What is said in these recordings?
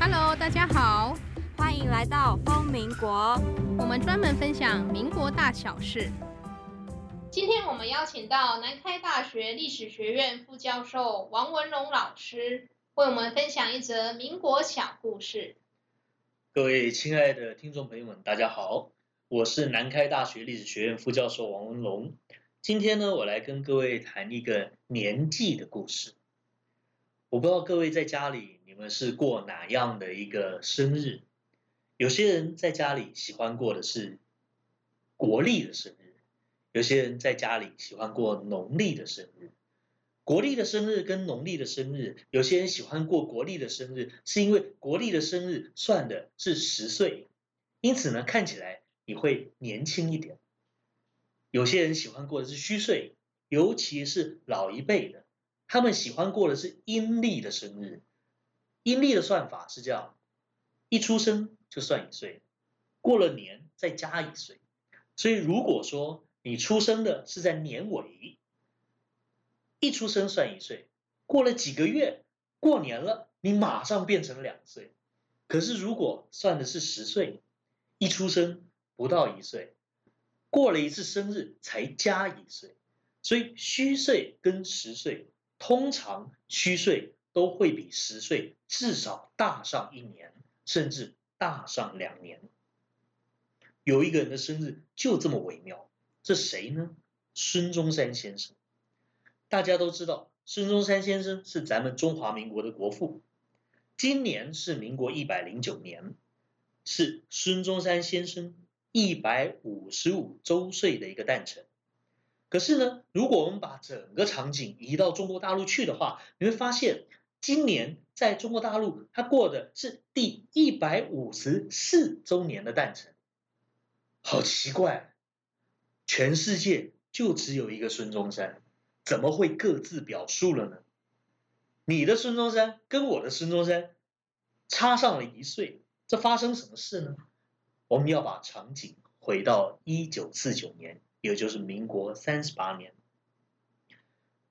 Hello，大家好，歡迎來到瘋民國。我們專門分享民國大小事。今天我們邀請到南開大學歷史學院副教授王文隆老師，為我們分享一則民國小故事。各位親愛的聽眾朋友們，大家好，我是南開大學歷史學院副教授王文隆。今天呢，我來跟各位談一個年紀的故事。我不知道各位在家裡。我們是過哪樣的一個生日？有些人在家裡喜歡過的是國曆的生日，有些人在家裡喜歡過農曆的生日。國曆的生日跟農曆的生日，有些人喜歡過國曆的生日，是因為國曆的生日算的是實歲，因此呢，看起來你會年輕一點。有些人喜歡過的是虛歲，尤其是老一輩的，他們喜歡過的是陰歷的生日。陰曆的算法是這樣：一出生就算一歲，過了年再加一歲。所以如果說你出生的是在年尾，一出生算一歲，過了幾個月，過年了，你馬上變成兩歲。可是如果算的是實歲，一出生不到一歲，過了一次生日才加一歲。所以虛歲跟實歲，通常虛歲都會比十歲至少大上一年，甚至大上兩年。有一個人的生日就這麼微妙，這誰呢？孫中山先生。大家都知道，孫中山先生是咱們中華民國的國父。今年是民國一百零九年，是孫中山先生一百五十五周歲的一個誕辰。可是呢，如果我們把整個場景移到中國大陸去的話，你會發現。今年在中國大陸，他過的是第一百五十四周年的誕辰。好奇怪，全世界就只有一個孫中山，怎麼會各自表述了呢？你的孫中山跟我的孫中山差上了一歲，這發生什麼事呢？我們要把場景回到一九四九年，也就是民國三十八年。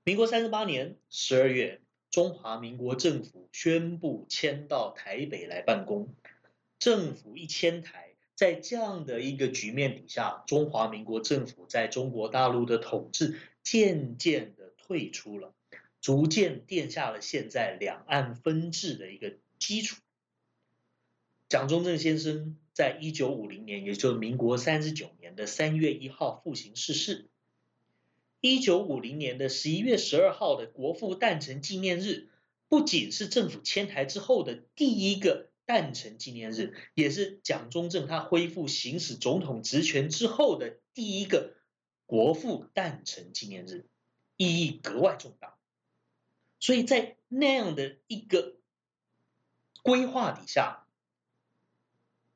民國三十八年十二月。中華民國政府宣布遷到台北來辦公，政府一遷台，在這樣的一個局面底下，中華民國政府在中國大陸的統治漸漸的退出了，逐漸奠下了現在兩岸分治的一個基礎。蔣中正先生在一九五零年，也就是民國三十九年的三月一號復行視事。一九五零年的十一月十二號的國父誕辰紀念日，不僅是政府遷台之後的第一個誕辰紀念日，也是蔣中正他恢復行使總統職權之後的第一個國父誕辰紀念日，意義格外重大。所以在那樣的一個規劃底下，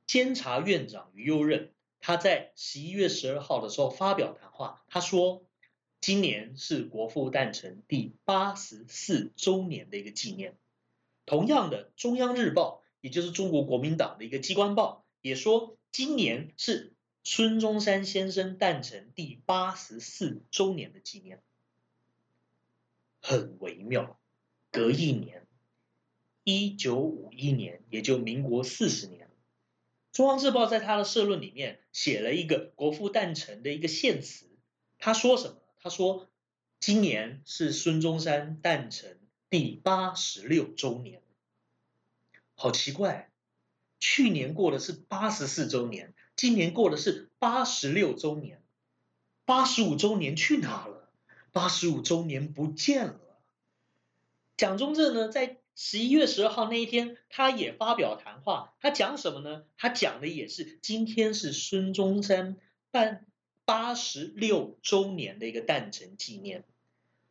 監察院長於右任他在十一月十二號的時候發表談話，他說。今年是國父誕辰第八十四週年的一個紀念。同樣的，《中央日報》也就是中國國民黨的一個機關報，也說今年是孫中山先生誕辰第八十四週年的紀念。很微妙，隔一年，一九五一年，也就民國四十年，《中央日報》在他的社論裡面寫了一個國父誕辰的一個獻詞，他說什麼？他說：“今年是孫中山誕辰第八十六周年，好奇怪，去年過的是八十四周年，今年過的是八十六周年，八十五周年去哪了？八十五周年不見了。”蔣中正呢，在十一月十二號那一天，他也發表談話，他講什麼呢？他講的也是今天是孫中山誕。八十六週年的一個誕辰紀念，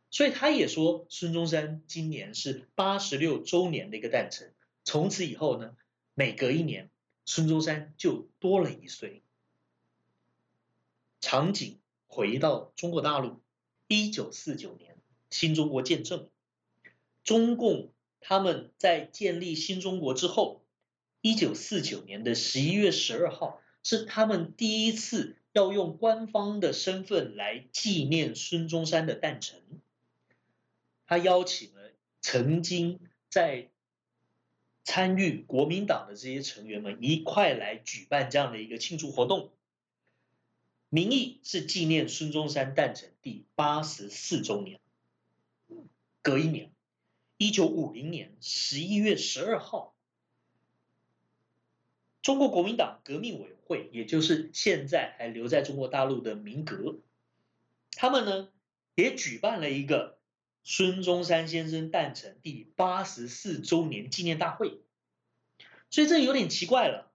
所以他也說孫中山今年是八十六週年的一個誕辰。從此以後呢，每隔一年，孫中山就多了一歲。場景回到中國大陸，一九四九年，新中國建政，中共他們在建立新中國之後，一九四九年的十一月十二號是他們第一次。要用官方的身份來紀念孫中山的誕辰，他邀請了曾經在參與國民黨的這些成員們一塊來舉辦這樣的一個慶祝活動，名義是紀念孫中山誕辰第八十四周年。隔一年，一九五零年十一月十二號，中國國民黨革命委員。也就是現在還留在中國大陸的民革，他們呢也舉辦了一個孫中山先生誕辰第八十四週年紀念大會，所以這有點奇怪了。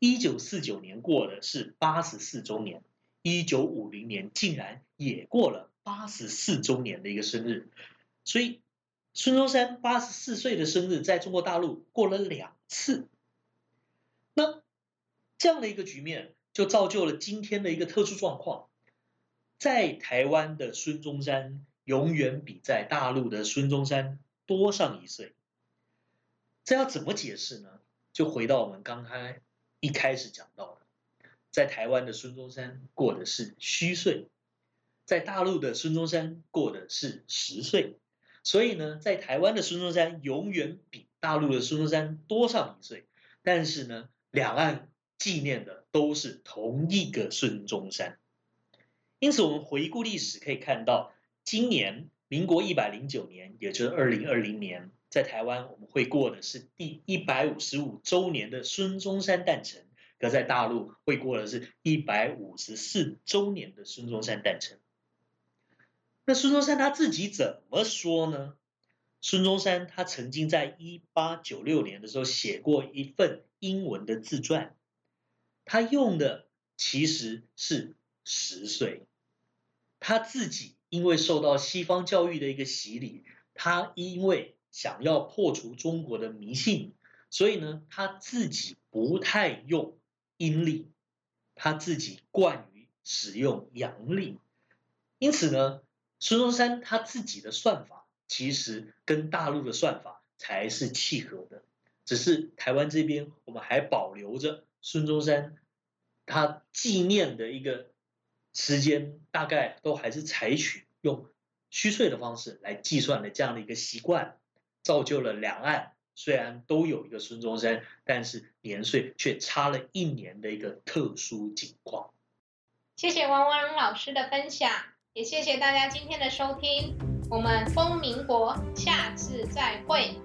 一九四九年過的是八十四週年，一九五零年竟然也過了八十四週年的一個生日，所以孫中山八十四歲的生日在中國大陸過了兩次，那。這樣的一個局面，就造就了今天的一個特殊狀況：在台灣的孫中山永遠比在大陸的孫中山多上一歲。這要怎麼解釋呢？就回到我們剛開一開始講到的，在台灣的孫中山過的是虛歲，在大陸的孫中山過的是實歲。所以呢，在台灣的孫中山永遠比大陸的孫中山多上一歲。但是呢，兩岸。紀念的都是同一個孫中山，因此我們回顧歷史可以看到，今年民國一百零九年，也就是二零二零年，在台灣我們會過的是第一百五十五周年的孫中山誕辰，而在大陸會過的是一百五十四周年的孫中山誕辰。那孫中山他自己怎麼說呢？孫中山他曾經在一八九六年的時候寫過一份英文的自傳。他用的其實是實歲，他自己因為受到西方教育的一個洗禮，他因為想要破除中國的迷信，所以呢，他自己不太用陰歷，他自己慣於使用陽曆，因此呢，孫中山他自己的算法其實跟大陸的算法才是契合的，只是台灣這邊我們還保留着。孫中山，他紀念的一個時間，大概都還是採取用虛歲的方式來計算的這樣的一個習慣，造就了兩岸雖然都有一個孫中山，但是年歲卻差了一年的一個特殊情況。謝謝王文隆老師的分享，也謝謝大家今天的收聽。我們瘋民國，下次再會。